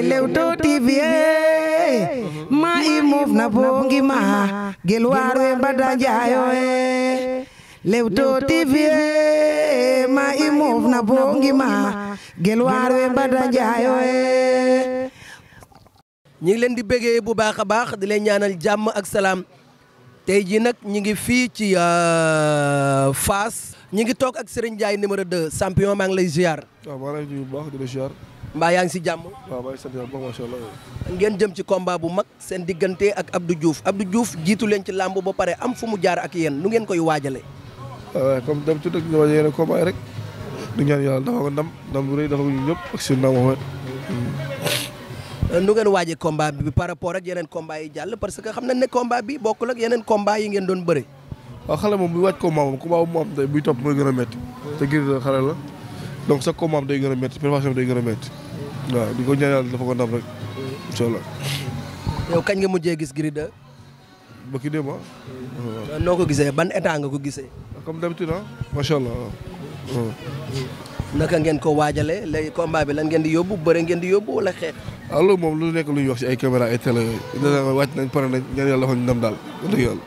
Leewtoo TV eh. ma i moof na boongi ma gel waar we mbada njaayo e eh. Leewtoo TV eh. ma i moof na boongi ma gel waar we mbada njaayo e ñi ngi leen di bëggee bu baax a baax di leen ñaanal jàmm ak salaam tey jii nag ñi ngi fii ci euh, Fass ñi ngi toog ak Serigne jaay numéro 2 champion maa lay la ziar. mbaa yaa ngi si jàmm. waaw maa ngi sant ngeen jëm ci combat bu mag seen diggante ak Abdou Diouf Abdou juuf jiitu leen ci làmb ba pare am fu mu jaar ak yéen nu ngeen koy waajale ah, waaw comme dam ci dëkk rek du ñaan yàlla dafa ko ndam ndam ñëpp ak suñu ndam Mohamed. Hmm. nu ngeen waajee combat bi par rapport ak yeneen combat yi jàll parce que xam nañ ne combat bi bokk ak yeneen combat yi ngeen doon bëre. waaw ah, xale moom bu waaj combat moom combat bu mu am tey buy topp mooy gën a métti te gis xale la. donc sa combat day gën a métti préparation day gën a métti waaw di ko ñaan yàlla dafa ko ndam rek incha allah. yow kañ nga mujjee gis Gris 2. ba kii dem noo ko gisee ban état ko gisee. comme d'habitude ah macha allah naka ngeen ko waajalee léegi combat bi lan ngeen di yóbbu bëre ngeen di yóbbu wala xeex. alors ah, moom lu nekk lu ñuy wax ci ay caméra ay télé nañ pare nañ ñaan yàlla dafa ñu ndam daal dëgg yàlla.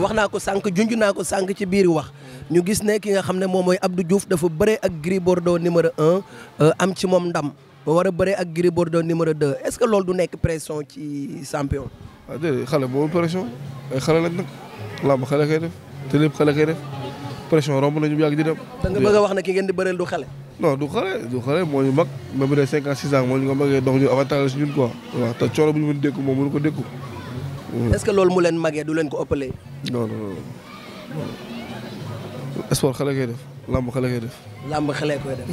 wax naa ko sànq junj naa ko sànq ci biir wax ñu gis ne ki nga xam ne moom mooy Abdou juuf dafa bëre ak Gris Bordeaux numéro un euh, am ci moom ndam ba war a bëre ak Gris Bordeaux numéro de est-ce que lool du nekk pression ci champion. waaw ah, xale boobu pression ay xale lañ nag làmb xale koy def te lépp xale koy def pression romb nañu yàgg di dem. da nga bëgg wax ne ki ngeen di bëreel du xale. non du xale du xale moo ñu mag même bu dee cinq ans six ans moo ñu ko magee dox ñu moom mënu ko dékku. Mm. est-ce que loolu mu leen magee du leen ko ëppalee. non non non sport xale koy def làmb xale koy def. làmb xale koy def.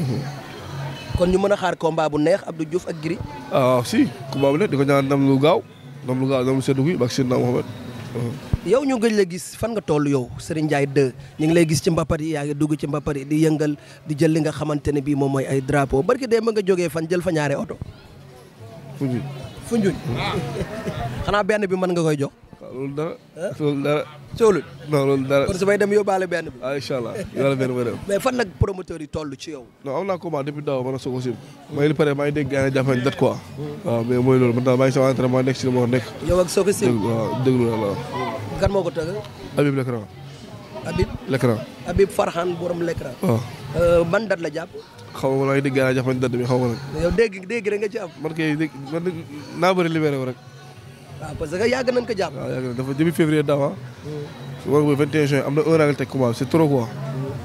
kon ñu mën a xaar combat bu neex Abdou Diouf ak Gris. ah waaw si combat bu neex di ko ñaan ndam lu gaaw ndam lu gaaw ndam lu sedd guy ak Seydina Mohamed. Mm-hmm. yow ñu gëj la gis fan nga toll yow Serigne Ndiaye 2 ñu ngi lay gis ci mbapat yi yaa ngi dugg ci mbapat yi di yëngal di jël li nga xamante ne bii moom mooy ay drapeau barki dee ma nga jógee fan jël fa ñaare oto. Foundiougne ah. xanaa benn bi man nga koy jox. Ah, loolu dara. loolu dara. soolul. non dara. kon su may dem yóbbaale benn bi. ah incha allah yóbbaale benn nag promoteur yi toll ci yow. non am naa commande depuis daaw ma ne soog a sim. mooy li pare maa ngi dégg gars dat quoi. Hmm. waaw mais mooy loolu maintenant maa ngi sama entraînement nekk si li nekk. yow ak soog a sim waaw déglu na kan moo ko tëgg. Habib Lecran. Habib Lecran. borom Lecran. Euh, ban date la jàpp. xaw ma maa ngi dégg yàlla jàppante date bi xaw ma nag. nga ci am. man kay dégg man naa ah, yàgg nañ ko jàpp. dafa début février daaw ah. su ma ko 21 juin na un an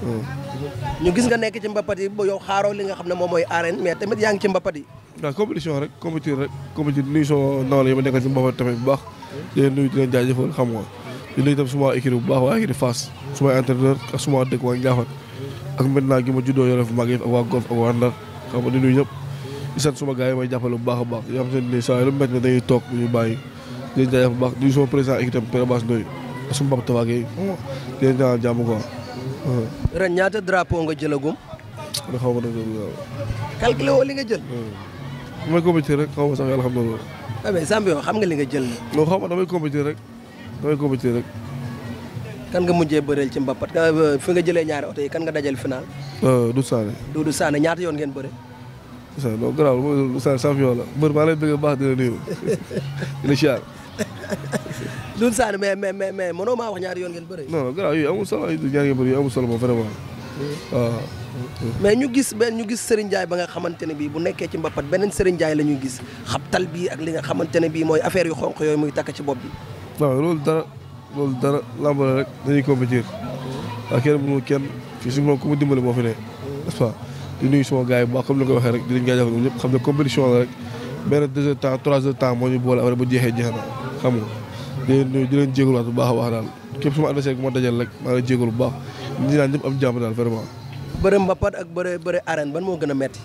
hmm. Hmm. nekk ci mbapat yi ba yow li nga xam ne moom mooy arène mais tamit yaa ngi ci mbapat yi. waaw compétition rek compétition rek compétition soo nawle yi ma nekkal ci mbapat tamit bu baax. Hmm. di leen nuyu di leen xam nga. di nuyu itam suma équipe bu baax waa équipe Fass. sumay entraîneur ak suma dëkk waa Ndiakhate ak maintenant gi ma juddoo yorof mag yëf ak waa Golf ak waa Ndar xam nga di nuyu ñëpp di sant suma gars yi may jàppale bu baax a baax yoo xam ne nii saa lu métti na dañuy toog ñu bàyyi di leen jaajëf bu baax di suma président équipe Père Bass Ndoye suma papa Tafa Gueye di leen ñaanal jàmm quoi. ren ñaata drapeau nga jëlagum. man xaw ma ne ko. calculé woo li nga jël. damay hmm. compétir rek xaw ma sax yàlla xam na loolu. Ah, mais Zambio xam nga li nga jël. non xaw ma damay compétir rek damay compétir rek. kan nga mujjee bëreel ci Mbapat euh, fi nga jëlee ñaari oto yi kan nga dajal final. Euh, Doudou Sané. Doudou Sané ñaata yoon ngeen bëre. incha allah loolu garaaw mooy la mbër maa lay bëgg baax dina mais mais mais mais mënoo maa wax yoon ngeen bëre. non garaaw yooyu amul solo ay ñaari ngeen bëri amul solo moom vraiment waaw. Ah. mais ñu gis benn ñu gis Serigne jaay ba nga xamante ne bii bu nekkee ci Mbapat beneen Serigne Ndiaye la ñuy gis xabtal bi ak li nga xamante ne bii mooy affaire yu xonq yooyu muy takk ci bopp bi. loolu dara làmb la rek dañuy compétir waaye kenn mënul kenn fii si moom ku mu dimbale moo fi ne n'est-ce pas di nuyu sama gars yi bu baax comme ni nga ko waxee rek dinañ jaajëfal ñoom ñëpp xam ne compétition la rek benn deux heures temps trois heures temps moo ñu boole après bu jeexee jeex na xam nga di leen nuyu di leen jégaluwaat bu baax a baax daal képp suma adversaire bu ma dajal rek maa ngi jégalu bu baax ñi naan ñëpp am jàmm daal vraiment bëre mbapat ak bëre bëre arène ban moo gën a metti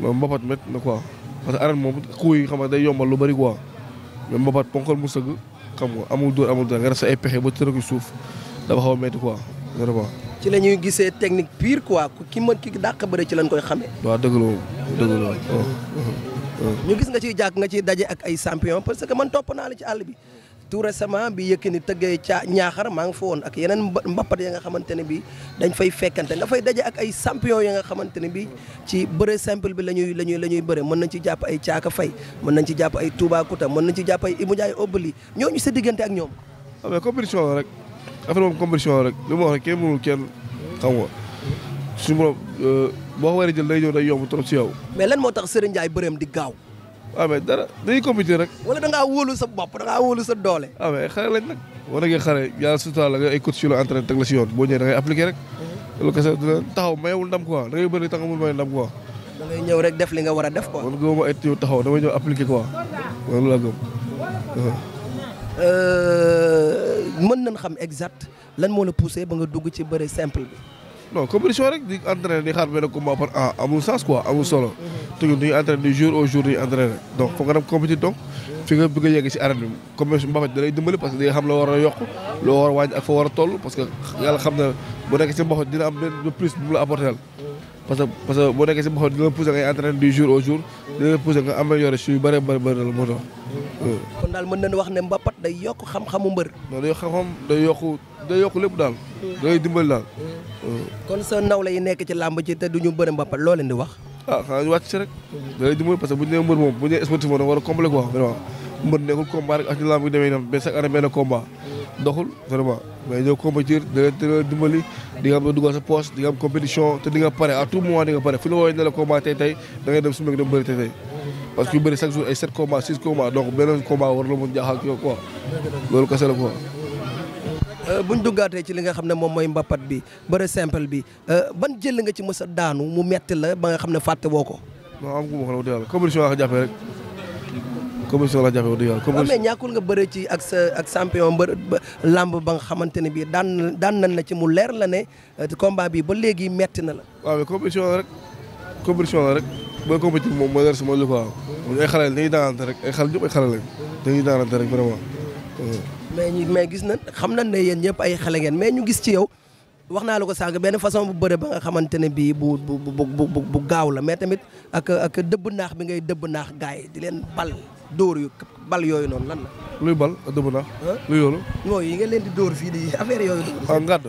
non mbapat métti na quoi parce que arène moom xuuy xam nga day yombal lu bari quoi mais mbapat ponkal mu sëgg xam nga amul dóor amul dara nga def sa ay pexe ba tëral ko suuf dafa xaw a métti quoi ci la ñuy gisee technique pure quoi ki mën ki dàq bëre ci lañ koy xamee. waaw dëgg la moom dëgg la waaw. ñu gis nga ciy jàkk nga ciy daje ak ay champion parce que man topp naa la ci àll bi. tout récemment bi Yékini tëggee ca ñaaxar maa ngi fa woon ak yeneen mbappat ya nga xamante ne bi dañ fay fekkante nga fay daje ak ay champion ya nga xamante ne bi ci bëre simple bi la ñuy la ñuy la ñuy bëre mën nañ ci jàpp ay caaka fay mën nañ ci jàpp ay Toubacouta mën nañ ci jàpp ay Ibou Ndiaye Obali ñooñu sa diggante ak ñoom waaw ah, mais compétition la rek affaire moom compétition la rek li ma wax rek kenn mënul kenn xam nga suñu euh, jël day ñëw day yomb si yow mais lan moo tax Serigne Ndiaye bëreem di gaaw waaw ah, mais dara dañuy compété rek. wala da ngaa wóolu sa bopp da ngaa wóolu sa doole. waaw ah, mais xare lañ nag. boo nekkee xare yàlla sutura la nga ay coach yu si yoon boo ñëwee da ngay appliqué rek. Mhm. loolu kese dina taxaw mayewul ndam quoi da bëri taxawul may ndam quoi. da ngay ñëw rek def li nga war a def quoi. man gëmuma ay taxaw damay ñëw appliqué quoi loolu laa gëm. Euh, mën xam exact lan moo la poussé ba nga dugg ci bëri simple bi. non compétition rek di entraîner di xaar benn combat par an amul sens quoi amul solo. te ñun dañuy entraîner du au jour dañuy entraîner nga dem compétir si arène bi comme su mbapat na bu wax ne mbapat day yokk xam-xamu mbër. day yokk xam-xam day yokk. day yokk lépp daal. day dimbali daal. kon sa nawla yi nekk ci làmb ci te duñu bëri mbappat loo leen wax. ah xanaa ñu wàcc day dimbali parce que bu ñu bu ñu nee sportif moom war di nga am dugal sa poche di nga am compétition tey tey da ngay dem tey tey. parce que yu chaque jour ay 7 combats 6 combats donc beneen combat war la mun jaaxal kii loolu kese la Euh, buñ duggaatee ci li nga xam ne moom mooy mbapat bi bëre simple bi euh, ban jël nga ci mës a daanu mu metti la ba nga xam ne fàtte woo ko. non am gu ma wax dëgg yàlla rek commission laa jàppee wax ah, ñàkkul nga bëre ci ak sa ak ba lamb ba nga xamante ne bii daan daan nañ la ci mu leer la ne euh, combat bi ba léegi metti na la. waaw mais commission la rek commission la rek. booy compétit moom mooy leer sama lu ko waaw. ay xale dañuy daanante rek ay xale ñëpp ay xale lañ. dañuy daanante rek vraiment. mais ñu mais gis nañ xam na ne yéen ñëpp ay xale ngeen mais ñu gis ci yow wax naa la ko sànq benn façon bu bëre ba nga xamante ne bii bu bu bu bu gaaw la mais tamit ak ak dëbb naax bi ngay dëbb naax gars yi di leen bal dóor yu bal yooyu noonu lan la. luy bal dëbb naax. luy yi nga leen di door fii di affaire yooyu. ah ngadd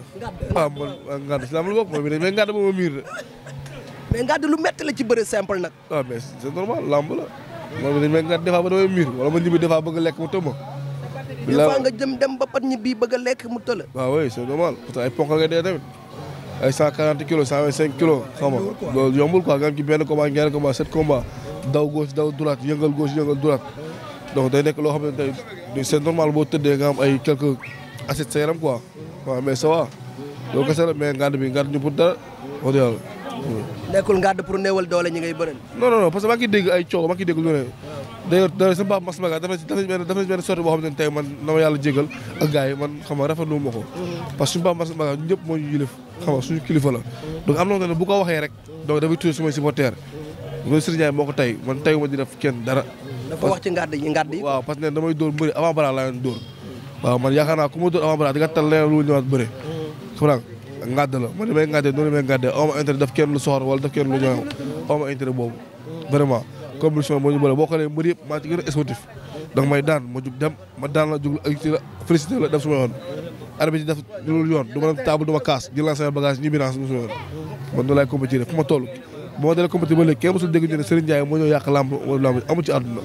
ah man ah, ngadd si la ma la bokk mooy lu métti la ci bëre simple nag. ah mais c'est normal lamb la. moom dañu may ngadd des fois ba damay miir wala ma ñibbi des fois bëgg lekk ma tëmma. des nga jëm dem ba pat ñi bii bëgg lekk mu tëla waaw oui c'est normal parce ay ponk nga dee tamit ay cent quarante kilos cent vingt cinq kilos xam nga loolu yombul quoi nga am ci benn combat ñaari combat sept combat daw gauche daw droite yëngal gauche yëngal droite donc day nekk loo xam ne tey c'est boo tëddee nga am ay quelques assiettes sa yaram quoi waaw mais ça va loolu kese la mais ngàdd bi ngàdd ñu pour dara wax dëgg yàlla nekkul ngàdd pour néewal doole ñi ngay bëri non non non parce que maa d'ailleurs d'ailleurs suñu baax Mass Maga dafa dafa benn sortie boo xam ne tey man na ma yàlla jégal ak gars yi man xam wax ci ngàdd yi ngàdd yi parce que ne damay dóor mbëri avant bara laa leen dóor man yaakaar naa ku ma daf kenn lu soxor wala daf kenn lu ñëw awma intérêt boobu vraiment compétition moo ñu boole boo xoolee mbër yëpp maa ci gën a sportif donc may daan ma jug dem ma daan la jug la agité la félicité la def suma yoon arbitre def loolu yoon du ma dem table du ma kaas jël naa sama bagage ñibbi naa suma yoon man noonu laay compétir fu ma toll ba ma dalee compétir ba léegi kenn mosul dégg ñu ne Serigne Ndiaye moo ñëw yàq làmb wala làmb amul ci àdduna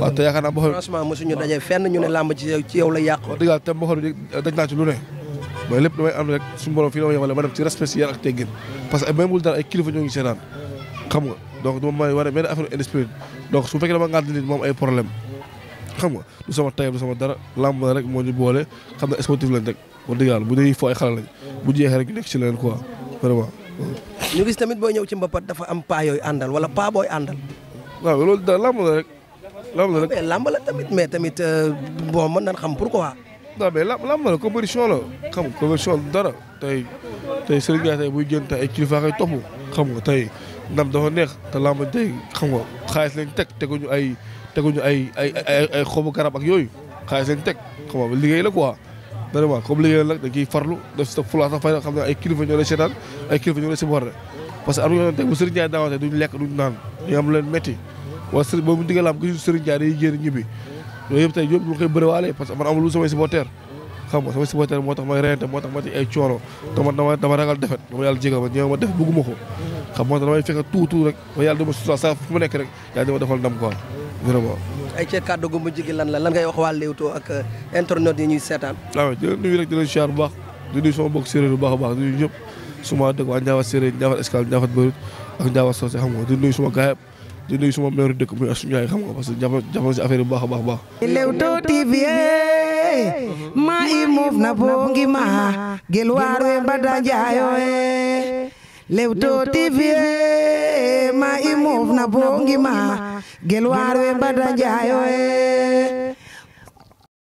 waaw te yaakaar naa boo xam franchement mosuñu daje fenn ñu ne làmb ci ci yow la yàq dëgg te boo xam ne daj naa ci lu ne mooy lépp damay ànd rek suñu borom fii la ma yemale ma dem ci respect si yar ak teggin parce que ay même wul dara ay kilifa ñoo ngi seetaan xam nga donc moom mooy war a benn affaire indiscipline donc su fekkee dama ngànt nit moom ay problème xam nga du sama tayam du sama dara lamb rek moo ñu boole xam ne sportif lañ rek wax dëgg bu ñuy fo ay bu jeexee rek ñu nekk ci leneen tamit booy ñëw ci mbapat dafa am paa àndal wala paa booy àndal. loolu daal la rek. lamb la rek mais lamb mais tamit euh, bon mën nañ xam pourquoi. non mais lamb lamb la compétition la dara tey tey Serigne Ndiaye tey buy génn tey ay kilifa koy topp xam nga tey. ndam dafa neex te làmb tey xam nga xaalis lañ teg teguñu ay teguñu ay ay ay xobu garab ak yooyu xaalis lañ teg xam nga liggéey la quoi vraiment comme liggéey la nag dañ ciy farlu def si sa fulaa fay na xam ne ay kilifa ñoo seetaan ay kilifa ñoo lay supporté parce que amul lu samay supporter xam nga sama supporter moo tax may reyante moo tax ma ci ay coono te man dama dama ragal defet dama yàlla jégal ma ñëw ma def bëgguma ko xam moo tax damay fekke tout tout rek ma yàlla dama sutura saa fu ma nekk rek yàlla dama defal ndam quoi vraiment ay ceeb kàddu gu mujj gi lan la lan ngay wax waa Leewtoo ak euh, internet yi ñuy seetaan waaw ah di leen nuyu rek di leen siyaar bu baax di nuyu sama mbokk séeréer bu baax a baax di nuyu ñëpp suma dëkk waa Ndiaffate séeréer Ndiaffate Escale Ndiaffate Bërut ak Ndiaffate Socé xam nga di nuyu suma gaay di nuyu suma meeru dëkk muy Assou Ndiaye xam nga parce que jàppal si baax a baax baax. Leewtoo TV maa i moof na boo ngi gel waar we mbada njaayo Leewtoo